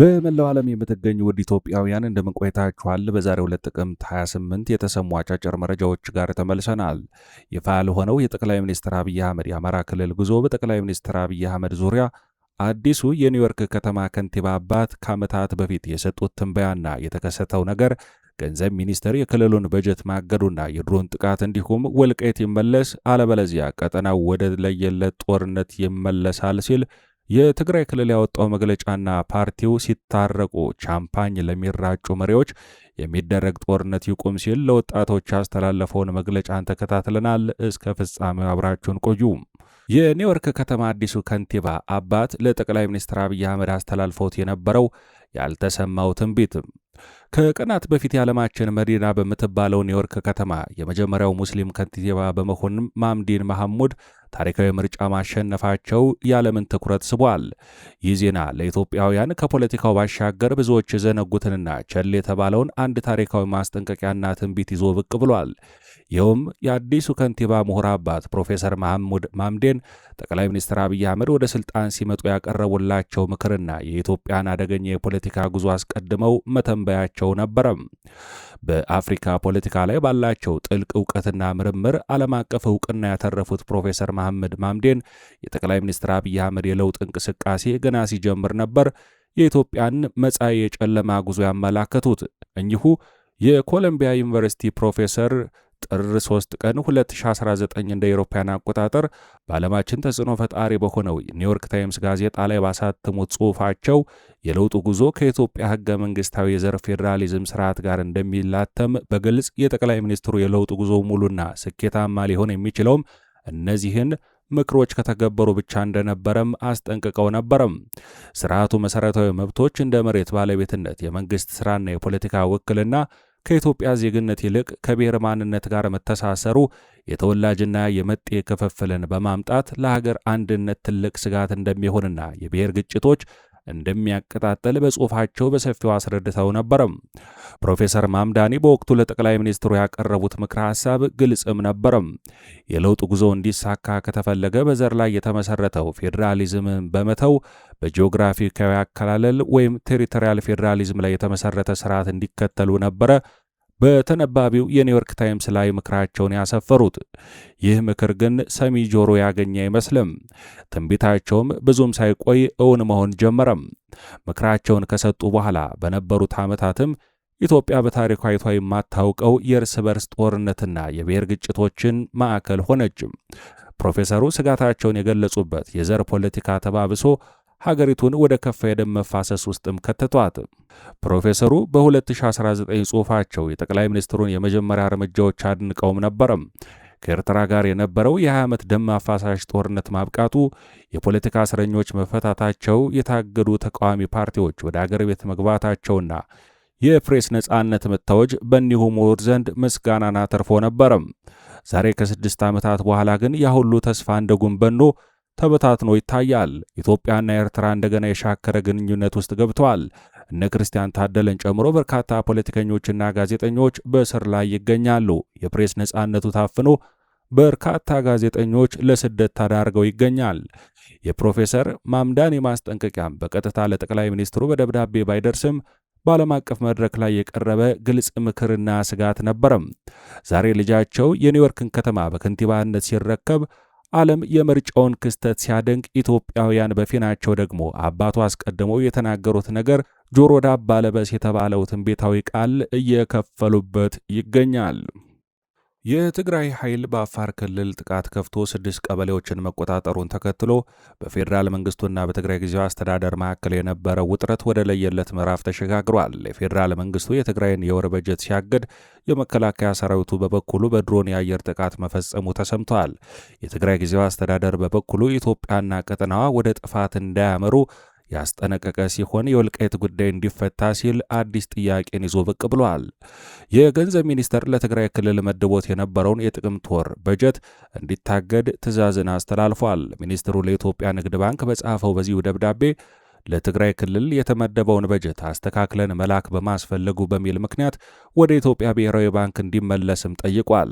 በመላው ዓለም የምትገኙ ውድ ኢትዮጵያውያን እንደምን ቆይታችኋል? በዛሬው ዕለት ጥቅምት 28 የተሰሙ አጫጭር መረጃዎች ጋር ተመልሰናል። ይፋ ያልሆነው የጠቅላይ ሚኒስትር አብይ አህመድ የአማራ ክልል ጉዞ በጠቅላይ ሚኒስትር አብይ አህመድ ዙሪያ አዲሱ የኒውዮርክ ከተማ ከንቲባ አባት ከዓመታት በፊት የሰጡት ትንበያና የተከሰተው ነገር ገንዘብ ሚኒስቴር የክልሉን በጀት ማገዱና የድሮን ጥቃት እንዲሁም ወልቃይት ይመለስ አለበለዚያ ቀጠናው ወደ ለየለት ጦርነት ይመለሳል ሲል የትግራይ ክልል ያወጣው መግለጫና ፓርቲው ሲታረቁ ሻምፓኝ ለሚራጩ መሪዎች የሚደረግ ጦርነት ይቁም ሲል ለወጣቶች ያስተላለፈውን መግለጫን ተከታትለናል። እስከ ፍጻሜው አብራችሁን ቆዩ። የኒውዮርክ ከተማ አዲሱ ከንቲባ አባት ለጠቅላይ ሚኒስትር አብይ አህመድ አስተላልፈውት የነበረው ያልተሰማው ትንቢት። ከቀናት በፊት የዓለማችን መዲና በምትባለው ኒውዮርክ ከተማ የመጀመሪያው ሙስሊም ከንቲባ በመሆን ማምዲን መሐሙድ ታሪካዊ ምርጫ ማሸነፋቸው የዓለምን ትኩረት ስቧል። ይህ ዜና ለኢትዮጵያውያን ከፖለቲካው ባሻገር ብዙዎች የዘነጉትንና ቸል የተባለውን አንድ ታሪካዊ ማስጠንቀቂያና ትንቢት ይዞ ብቅ ብሏል። ይኸውም የአዲሱ ከንቲባ ምሁር አባት ፕሮፌሰር መሐሙድ ማምዴን ጠቅላይ ሚኒስትር አብይ አህመድ ወደ ሥልጣን ሲመጡ ያቀረቡላቸው ምክርና የኢትዮጵያን አደገኛ የፖለቲካ የፖለቲካ ጉዞ አስቀድመው መተንበያቸው ነበረ። በአፍሪካ ፖለቲካ ላይ ባላቸው ጥልቅ እውቀትና ምርምር ዓለም አቀፍ እውቅና ያተረፉት ፕሮፌሰር መሐመድ ማምዴን የጠቅላይ ሚኒስትር አብይ አህመድ የለውጥ እንቅስቃሴ ገና ሲጀምር ነበር የኢትዮጵያን መጻኢ የጨለማ ጉዞ ያመላከቱት እኚሁ የኮሎምቢያ ዩኒቨርሲቲ ፕሮፌሰር ጥር 3 ቀን 2019 እንደ አውሮፓውያን አቆጣጠር በዓለማችን ተጽዕኖ ፈጣሪ በሆነው ኒውዮርክ ታይምስ ጋዜጣ ላይ ባሳተሙት ጽሑፋቸው የለውጡ ጉዞ ከኢትዮጵያ ህገ መንግሥታዊ የዘር ፌዴራሊዝም ስርዓት ጋር እንደሚላተም በግልጽ የጠቅላይ ሚኒስትሩ የለውጥ ጉዞ ሙሉና ስኬታማ ሊሆን የሚችለውም እነዚህን ምክሮች ከተገበሩ ብቻ እንደነበረም አስጠንቅቀው ነበረም። ስርዓቱ መሠረታዊ መብቶች እንደ መሬት ባለቤትነት፣ የመንግሥት ሥራና የፖለቲካ ውክልና ከኢትዮጵያ ዜግነት ይልቅ ከብሔር ማንነት ጋር መተሳሰሩ የተወላጅና የመጤ ክፍፍልን በማምጣት ለሀገር አንድነት ትልቅ ስጋት እንደሚሆንና የብሔር ግጭቶች እንደሚያቀጣጠል በጽሑፋቸው በሰፊው አስረድተው ነበርም። ፕሮፌሰር ማምዳኒ በወቅቱ ለጠቅላይ ሚኒስትሩ ያቀረቡት ምክረ ሐሳብ ግልጽም ነበርም። የለውጥ ጉዞ እንዲሳካ ከተፈለገ በዘር ላይ የተመሠረተው ፌዴራሊዝም በመተው በጂኦግራፊካዊ አከላለል ወይም ቴሪቶሪያል ፌዴራሊዝም ላይ የተመሠረተ ስርዓት እንዲከተሉ ነበረ በተነባቢው የኒውዮርክ ታይምስ ላይ ምክራቸውን ያሰፈሩት። ይህ ምክር ግን ሰሚ ጆሮ ያገኘ አይመስልም። ትንቢታቸውም ብዙም ሳይቆይ እውን መሆን ጀመረም። ምክራቸውን ከሰጡ በኋላ በነበሩት ዓመታትም ኢትዮጵያ በታሪኳ አይቷ የማታውቀው የእርስ በርስ ጦርነትና የብሔር ግጭቶችን ማዕከል ሆነች። ፕሮፌሰሩ ስጋታቸውን የገለጹበት የዘር ፖለቲካ ተባብሶ ሀገሪቱን ወደ ከፋ የደም መፋሰስ ውስጥም ከተቷት። ፕሮፌሰሩ በ2019 ጽሑፋቸው የጠቅላይ ሚኒስትሩን የመጀመሪያ እርምጃዎች አድንቀውም ነበረም። ከኤርትራ ጋር የነበረው የ20 ዓመት ደም አፋሳሽ ጦርነት ማብቃቱ፣ የፖለቲካ እስረኞች መፈታታቸው፣ የታገዱ ተቃዋሚ ፓርቲዎች ወደ አገር ቤት መግባታቸውና የፕሬስ ነጻነት መታወጅ በእኒሁ ምሁር ዘንድ ምስጋናን አተርፎ ነበረም። ዛሬ ከስድስት ዓመታት በኋላ ግን ያሁሉ ተስፋ እንደ ጉም በኖ ተበታትኖ ይታያል። ኢትዮጵያና ኤርትራ እንደገና የሻከረ ግንኙነት ውስጥ ገብተዋል። እነ ክርስቲያን ታደለን ጨምሮ በርካታ ፖለቲከኞችና ጋዜጠኞች በእስር ላይ ይገኛሉ። የፕሬስ ነፃነቱ ታፍኖ በርካታ ጋዜጠኞች ለስደት ተዳርገው ይገኛል። የፕሮፌሰር ማምዳኔ ማስጠንቀቂያም በቀጥታ ለጠቅላይ ሚኒስትሩ በደብዳቤ ባይደርስም በዓለም አቀፍ መድረክ ላይ የቀረበ ግልጽ ምክርና ስጋት ነበረም። ዛሬ ልጃቸው የኒውዮርክን ከተማ በከንቲባነት ሲረከብ ዓለም የምርጫውን ክስተት ሲያደንቅ ኢትዮጵያውያን በፊናቸው ደግሞ አባቱ አስቀድመው የተናገሩት ነገር ጆሮ ዳባ ለበስ የተባለው ትንቢታዊ ቃል እየከፈሉበት ይገኛል። የትግራይ ኃይል በአፋር ክልል ጥቃት ከፍቶ ስድስት ቀበሌዎችን መቆጣጠሩን ተከትሎ በፌዴራል መንግስቱና በትግራይ ጊዜው አስተዳደር መካከል የነበረው ውጥረት ወደ ለየለት ምዕራፍ ተሸጋግሯል። የፌዴራል መንግስቱ የትግራይን የወር በጀት ሲያግድ፣ የመከላከያ ሰራዊቱ በበኩሉ በድሮን የአየር ጥቃት መፈጸሙ ተሰምተዋል። የትግራይ ጊዜው አስተዳደር በበኩሉ ኢትዮጵያና ቀጠናዋ ወደ ጥፋት እንዳያመሩ ያስጠነቀቀ ሲሆን የወልቃይት ጉዳይ እንዲፈታ ሲል አዲስ ጥያቄን ይዞ ብቅ ብሏል። የገንዘብ ሚኒስቴር ለትግራይ ክልል መድቦት የነበረውን የጥቅምት ወር በጀት እንዲታገድ ትዕዛዝን አስተላልፏል። ሚኒስትሩ ለኢትዮጵያ ንግድ ባንክ በጻፈው በዚሁ ደብዳቤ ለትግራይ ክልል የተመደበውን በጀት አስተካክለን መላክ በማስፈለጉ በሚል ምክንያት ወደ ኢትዮጵያ ብሔራዊ ባንክ እንዲመለስም ጠይቋል።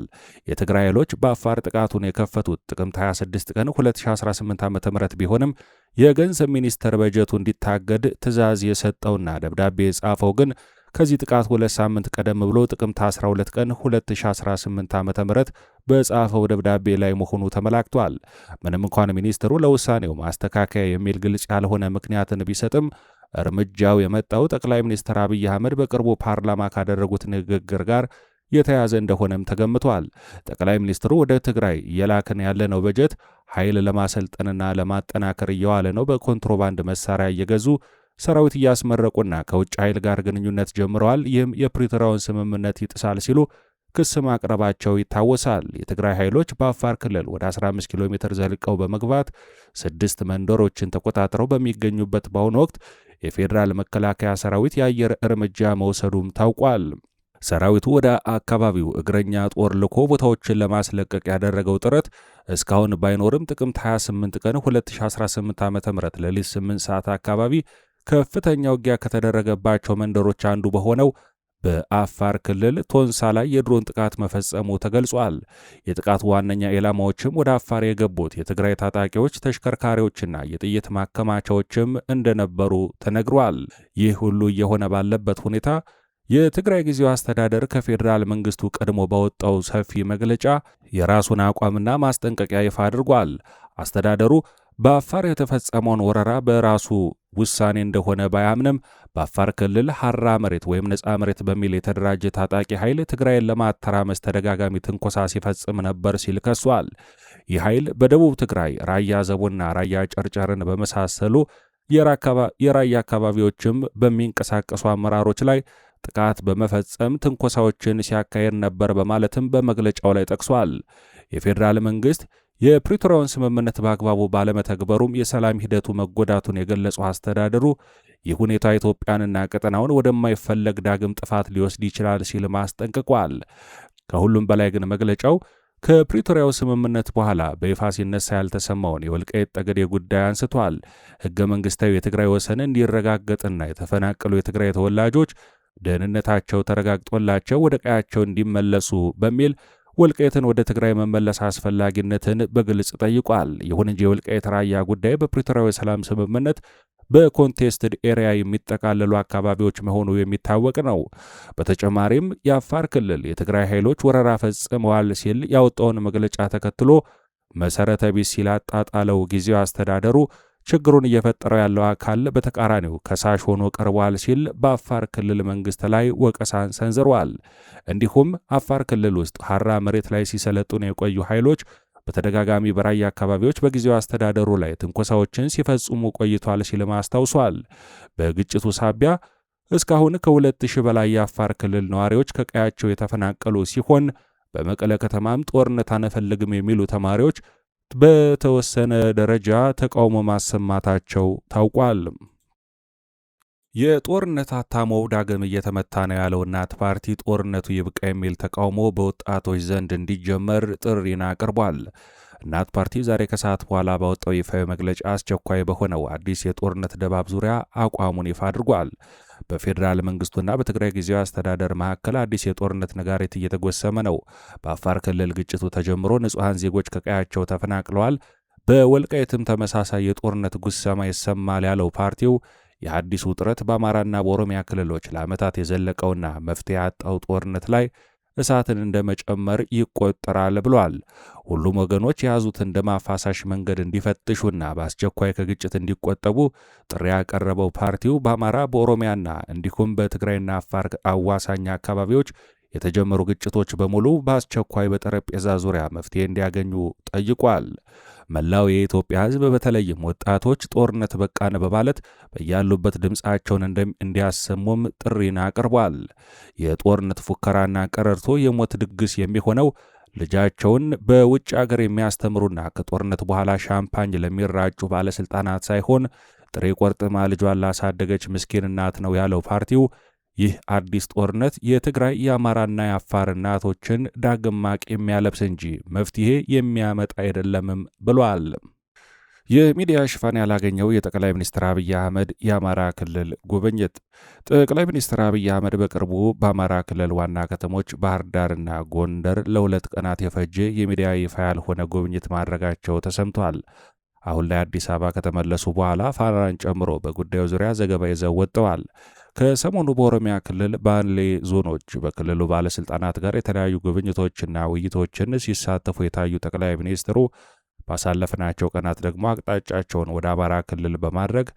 የትግራይ ኃይሎች በአፋር ጥቃቱን የከፈቱት ጥቅምት 26 ቀን 2018 ዓ ም ቢሆንም የገንዘብ ሚኒስቴር በጀቱ እንዲታገድ ትዕዛዝ የሰጠውና ደብዳቤ የጻፈው ግን ከዚህ ጥቃት ሁለት ሳምንት ቀደም ብሎ ጥቅምት 12 ቀን 2018 ዓ ም በጻፈው ደብዳቤ ላይ መሆኑ ተመላክቷል። ምንም እንኳን ሚኒስትሩ ለውሳኔው ማስተካከያ የሚል ግልጽ ያልሆነ ምክንያትን ቢሰጥም እርምጃው የመጣው ጠቅላይ ሚኒስትር አብይ አህመድ በቅርቡ ፓርላማ ካደረጉት ንግግር ጋር የተያዘ እንደሆነም ተገምቷል። ጠቅላይ ሚኒስትሩ ወደ ትግራይ እየላክን ያለነው በጀት ኃይል ለማሰልጠንና ለማጠናከር እየዋለ ነው፣ በኮንትሮባንድ መሳሪያ እየገዙ ሰራዊት እያስመረቁና ከውጭ ኃይል ጋር ግንኙነት ጀምረዋል፣ ይህም የፕሪቶሪያውን ስምምነት ይጥሳል ሲሉ ክስ ማቅረባቸው ይታወሳል። የትግራይ ኃይሎች በአፋር ክልል ወደ 15 ኪሎ ሜትር ዘልቀው በመግባት ስድስት መንደሮችን ተቆጣጥረው በሚገኙበት በአሁኑ ወቅት የፌዴራል መከላከያ ሰራዊት የአየር እርምጃ መውሰዱም ታውቋል። ሰራዊቱ ወደ አካባቢው እግረኛ ጦር ልኮ ቦታዎችን ለማስለቀቅ ያደረገው ጥረት እስካሁን ባይኖርም ጥቅምት 28 ቀን 2018 ዓ ም ሌሊት 8 ሰዓት አካባቢ ከፍተኛ ውጊያ ከተደረገባቸው መንደሮች አንዱ በሆነው በአፋር ክልል ቶንሳ ላይ የድሮን ጥቃት መፈጸሙ ተገልጿል። የጥቃቱ ዋነኛ ኢላማዎችም ወደ አፋር የገቡት የትግራይ ታጣቂዎች ተሽከርካሪዎችና የጥይት ማከማቻዎችም እንደነበሩ ተነግሯል። ይህ ሁሉ እየሆነ ባለበት ሁኔታ የትግራይ ጊዜው አስተዳደር ከፌዴራል መንግስቱ ቀድሞ በወጣው ሰፊ መግለጫ የራሱን አቋምና ማስጠንቀቂያ ይፋ አድርጓል። አስተዳደሩ በአፋር የተፈጸመውን ወረራ በራሱ ውሳኔ እንደሆነ ባያምንም በአፋር ክልል ሐራ መሬት ወይም ነፃ መሬት በሚል የተደራጀ ታጣቂ ኃይል ትግራይን ለማተራመስ ተደጋጋሚ ትንኮሳ ሲፈጽም ነበር ሲል ከሷል። ይህ ኃይል በደቡብ ትግራይ ራያ ዘቡና ራያ ጨርጨርን በመሳሰሉ የራያ አካባቢዎችም በሚንቀሳቀሱ አመራሮች ላይ ጥቃት በመፈጸም ትንኮሳዎችን ሲያካሄድ ነበር በማለትም በመግለጫው ላይ ጠቅሷል። የፌዴራል መንግሥት የፕሪቶሪያውን ስምምነት በአግባቡ ባለመተግበሩም የሰላም ሂደቱ መጎዳቱን የገለጸው አስተዳደሩ ይህ ሁኔታ ኢትዮጵያንና ቀጠናውን ወደማይፈለግ ዳግም ጥፋት ሊወስድ ይችላል ሲልም አስጠንቅቋል። ከሁሉም በላይ ግን መግለጫው ከፕሪቶሪያው ስምምነት በኋላ በይፋ ሲነሳ ያልተሰማውን የወልቃይት ጠገዴ ጉዳይ አንስቷል። ሕገ መንግሥታዊ የትግራይ ወሰን እንዲረጋገጥና የተፈናቀሉ የትግራይ ተወላጆች ደህንነታቸው ተረጋግጦላቸው ወደ ቀያቸው እንዲመለሱ በሚል ወልቃይትን ወደ ትግራይ መመለስ አስፈላጊነትን በግልጽ ጠይቋል። ይሁን እንጂ የወልቃይት ራያ ጉዳይ በፕሪቶሪያው የሰላም ስምምነት በኮንቴስትድ ኤሪያ የሚጠቃለሉ አካባቢዎች መሆኑ የሚታወቅ ነው። በተጨማሪም የአፋር ክልል የትግራይ ኃይሎች ወረራ ፈጽመዋል ሲል ያወጣውን መግለጫ ተከትሎ መሰረተ ቢስ ሲል አጣጣለው ጊዜው አስተዳደሩ ችግሩን እየፈጠረው ያለው አካል በተቃራኒው ከሳሽ ሆኖ ቀርቧል ሲል በአፋር ክልል መንግስት ላይ ወቀሳን ሰንዝሯል። እንዲሁም አፋር ክልል ውስጥ ሐራ መሬት ላይ ሲሰለጡን የቆዩ ኃይሎች በተደጋጋሚ በራያ አካባቢዎች በጊዜው አስተዳደሩ ላይ ትንኮሳዎችን ሲፈጽሙ ቆይቷል ሲልም አስታውሷል። በግጭቱ ሳቢያ እስካሁን ከ2000 በላይ የአፋር ክልል ነዋሪዎች ከቀያቸው የተፈናቀሉ ሲሆን በመቀለ ከተማም ጦርነት አንፈልግም የሚሉ ተማሪዎች በተወሰነ ደረጃ ተቃውሞ ማሰማታቸው ታውቋል። የጦርነት አታሞው ዳግም እየተመታ ነው ያለው እናት ፓርቲ ጦርነቱ ይብቃ የሚል ተቃውሞ በወጣቶች ዘንድ እንዲጀመር ጥሪን አቅርቧል። እናት ፓርቲ ዛሬ ከሰዓት በኋላ ባወጣው ይፋዊ መግለጫ አስቸኳይ በሆነው አዲስ የጦርነት ድባብ ዙሪያ አቋሙን ይፋ አድርጓል። በፌዴራል መንግስቱና በትግራይ ጊዜያዊ አስተዳደር መካከል አዲስ የጦርነት ነጋሪት እየተጎሰመ ነው። በአፋር ክልል ግጭቱ ተጀምሮ ንጹሐን ዜጎች ከቀያቸው ተፈናቅለዋል። በወልቃይትም ተመሳሳይ የጦርነት ጉሰማ ይሰማል ያለው ፓርቲው የአዲሱ ውጥረት በአማራና በኦሮሚያ ክልሎች ለዓመታት የዘለቀውና መፍትሄ ያጣው ጦርነት ላይ እሳትን እንደመጨመር ይቆጠራል ብሏል። ሁሉም ወገኖች የያዙት እንደ ማፋሳሽ መንገድ እንዲፈትሹና በአስቸኳይ ከግጭት እንዲቆጠቡ ጥሪ ያቀረበው ፓርቲው በአማራ በኦሮሚያና እንዲሁም በትግራይና አፋር አዋሳኝ አካባቢዎች የተጀመሩ ግጭቶች በሙሉ በአስቸኳይ በጠረጴዛ ዙሪያ መፍትሄ እንዲያገኙ ጠይቋል። መላው የኢትዮጵያ ሕዝብ በተለይም ወጣቶች ጦርነት በቃን በማለት በያሉበት ድምፃቸውን እንዲያሰሙም ጥሪን አቅርቧል። የጦርነት ፉከራና ቀረርቶ የሞት ድግስ የሚሆነው ልጃቸውን በውጭ አገር የሚያስተምሩና ከጦርነት በኋላ ሻምፓኝ ለሚራጩ ባለሥልጣናት ሳይሆን ጥሬ ቆርጥማ ልጇን ላሳደገች ምስኪን እናት ነው ያለው ፓርቲው ይህ አዲስ ጦርነት የትግራይ የአማራና የአፋር እናቶችን ዳግም ማቅ የሚያለብስ እንጂ መፍትሄ የሚያመጣ አይደለምም ብሏል። የሚዲያ ሽፋን ያላገኘው የጠቅላይ ሚኒስትር አብይ አህመድ የአማራ ክልል ጉብኝት። ጠቅላይ ሚኒስትር አብይ አህመድ በቅርቡ በአማራ ክልል ዋና ከተሞች ባህር ዳርና ጎንደር ለሁለት ቀናት የፈጀ የሚዲያ ይፋ ያልሆነ ጉብኝት ማድረጋቸው ተሰምቷል። አሁን ላይ አዲስ አበባ ከተመለሱ በኋላ ፋናን ጨምሮ በጉዳዩ ዙሪያ ዘገባ ይዘው ወጥተዋል። ከሰሞኑ በኦሮሚያ ክልል ባሌ ዞኖች በክልሉ ባለስልጣናት ጋር የተለያዩ ጉብኝቶችና ውይይቶችን ሲሳተፉ የታዩ ጠቅላይ ሚኒስትሩ ባሳለፍናቸው ቀናት ደግሞ አቅጣጫቸውን ወደ አማራ ክልል በማድረግ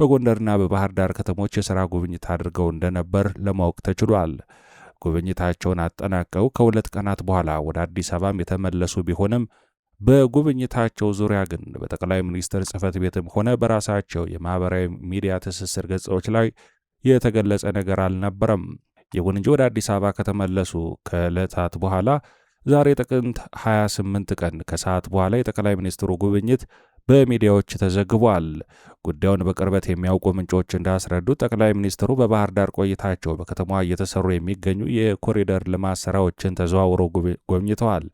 በጎንደርና በባህር ዳር ከተሞች የሥራ ጉብኝት አድርገው እንደነበር ለማወቅ ተችሏል። ጉብኝታቸውን አጠናቀው ከሁለት ቀናት በኋላ ወደ አዲስ አበባም የተመለሱ ቢሆንም በጉብኝታቸው ዙሪያ ግን በጠቅላይ ሚኒስትር ጽህፈት ቤትም ሆነ በራሳቸው የማኅበራዊ ሚዲያ ትስስር ገጾች ላይ የተገለጸ ነገር አልነበረም። ይሁን እንጂ ወደ አዲስ አበባ ከተመለሱ ከዕለታት በኋላ ዛሬ ጥቅምት 28 ቀን ከሰዓት በኋላ የጠቅላይ ሚኒስትሩ ጉብኝት በሚዲያዎች ተዘግቧል። ጉዳዩን በቅርበት የሚያውቁ ምንጮች እንዳስረዱት ጠቅላይ ሚኒስትሩ በባህር ዳር ቆይታቸው በከተማዋ እየተሰሩ የሚገኙ የኮሪደር ልማት ስራዎችን ተዘዋውረው ጎብኝተዋል።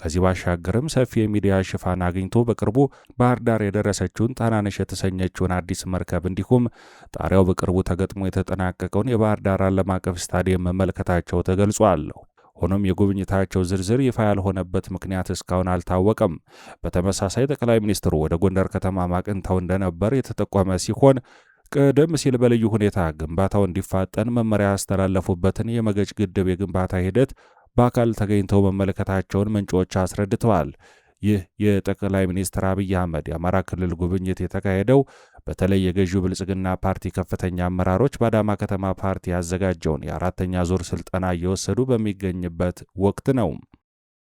ከዚህ ባሻገርም ሰፊ የሚዲያ ሽፋን አግኝቶ በቅርቡ ባህር ዳር የደረሰችውን ጣናነሽ የተሰኘችውን አዲስ መርከብ እንዲሁም ጣሪያው በቅርቡ ተገጥሞ የተጠናቀቀውን የባህር ዳር ዓለም አቀፍ ስታዲየም መመልከታቸው ተገልጿል። ሆኖም የጉብኝታቸው ዝርዝር ይፋ ያልሆነበት ምክንያት እስካሁን አልታወቀም። በተመሳሳይ ጠቅላይ ሚኒስትሩ ወደ ጎንደር ከተማ ማቅንተው እንደነበር የተጠቆመ ሲሆን ቀደም ሲል በልዩ ሁኔታ ግንባታው እንዲፋጠን መመሪያ ያስተላለፉበትን የመገጭ ግድብ የግንባታ ሂደት በአካል ተገኝተው መመለከታቸውን ምንጮች አስረድተዋል። ይህ የጠቅላይ ሚኒስትር አብይ አህመድ የአማራ ክልል ጉብኝት የተካሄደው በተለይ የገዢው ብልጽግና ፓርቲ ከፍተኛ አመራሮች በአዳማ ከተማ ፓርቲ ያዘጋጀውን የአራተኛ ዙር ስልጠና እየወሰዱ በሚገኝበት ወቅት ነው።